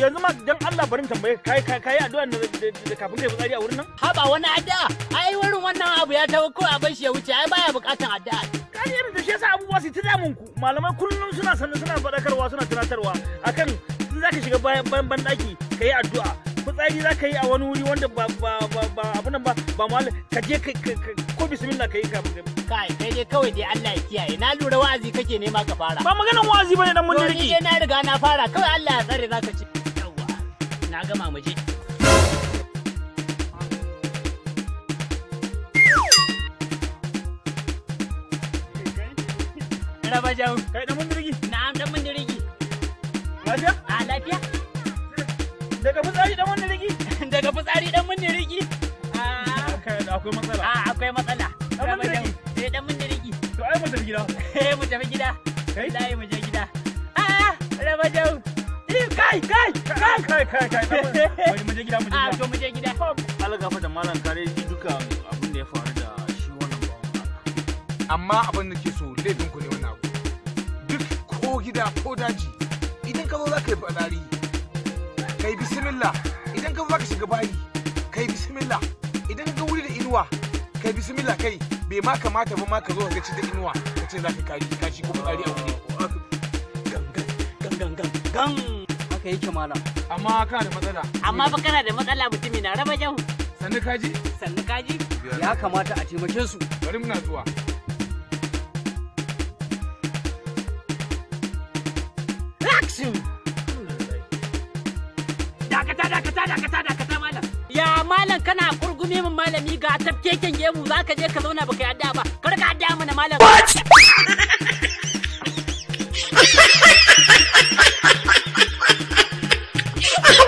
yanzu ma dan Allah barin tambaye kai kai kai addu'a da kafin kai fitsari a wurin nan haba wani addu'a ai wurin wannan abu ya tawo ko a bar shi ya wuce ai baya bukatan addu'a kai irin da shi yasa abubuwa su ta damun ku malamai kullum suna sanin suna fadakarwa suna tunatarwa akan in zaka shiga bayan ban daki kai addu'a fitsari za ka yi a wani wuri wanda ba ba ba ba abu nan ba ba mal ka je ka ko bismillah ka yi kai kai dai kawai dai Allah ya kiyaye na lura wa'azi kake nema ka fara ba maganan wa'azi bane dan mun rike ni ne na riga na fara kawai Allah ya tsare zaka ci na gama mu je Raba Kai dan mundirigi? Na'am dan mundirigi. Lafiya? A lafiya. Daga fitsari dan mundirigi? Daga fitsari dan mundirigi. akwai matsala. akwai matsala. Dan mundirigi. Eh dan mundirigi. To ai mu tafi gida. Eh mu tafi gida. Kai? mu je kai kai kai mu je gida muje ah, gida. A to mu gida. Allah gafa da malam kare ji duka abin da ya faru da shi wannan bawan Amma abin da ke so laifin ku ne wannan abu. Duk ko gida ko daji idan ka zo za ka yi fadari kai bismillah idan ka zo za ka shiga bayi kai bismillah idan ka ga wuri da inuwa kai bismillah kai bai ma kamata ba ma ka zo ka ci da inuwa ka ce za ka kashi ko fadari a wuri. Gang gang gang gang gang. ka yake malam amma kana da matsala amma ba kana da matsala mutumi na raba jau sannu kaji sannu kaji ya kamata a taimake su bari muna zuwa action dakata dakata dakata dakata malam ya malam kana kurgume min malami ga tafkeken gemu zaka je ka zauna baka yadda ba kar ka yadda mana malam I'm